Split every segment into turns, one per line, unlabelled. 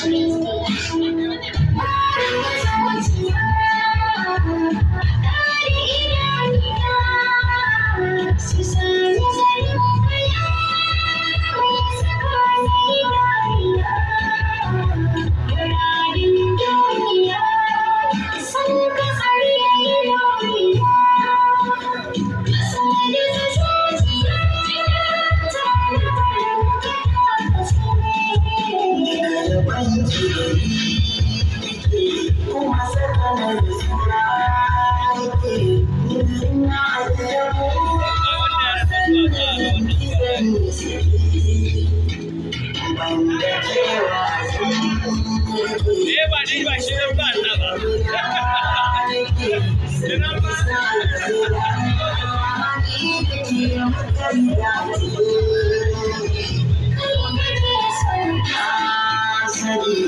Thank you. gidan Ne ba ni ba shi ba ta Thank you.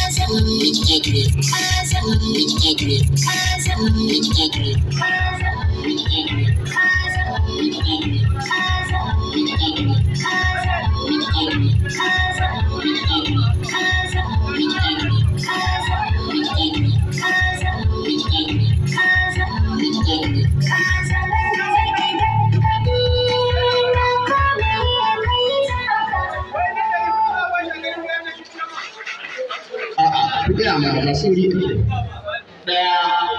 Rich Angry. Rich Angry. ina a masu wuri ɗaya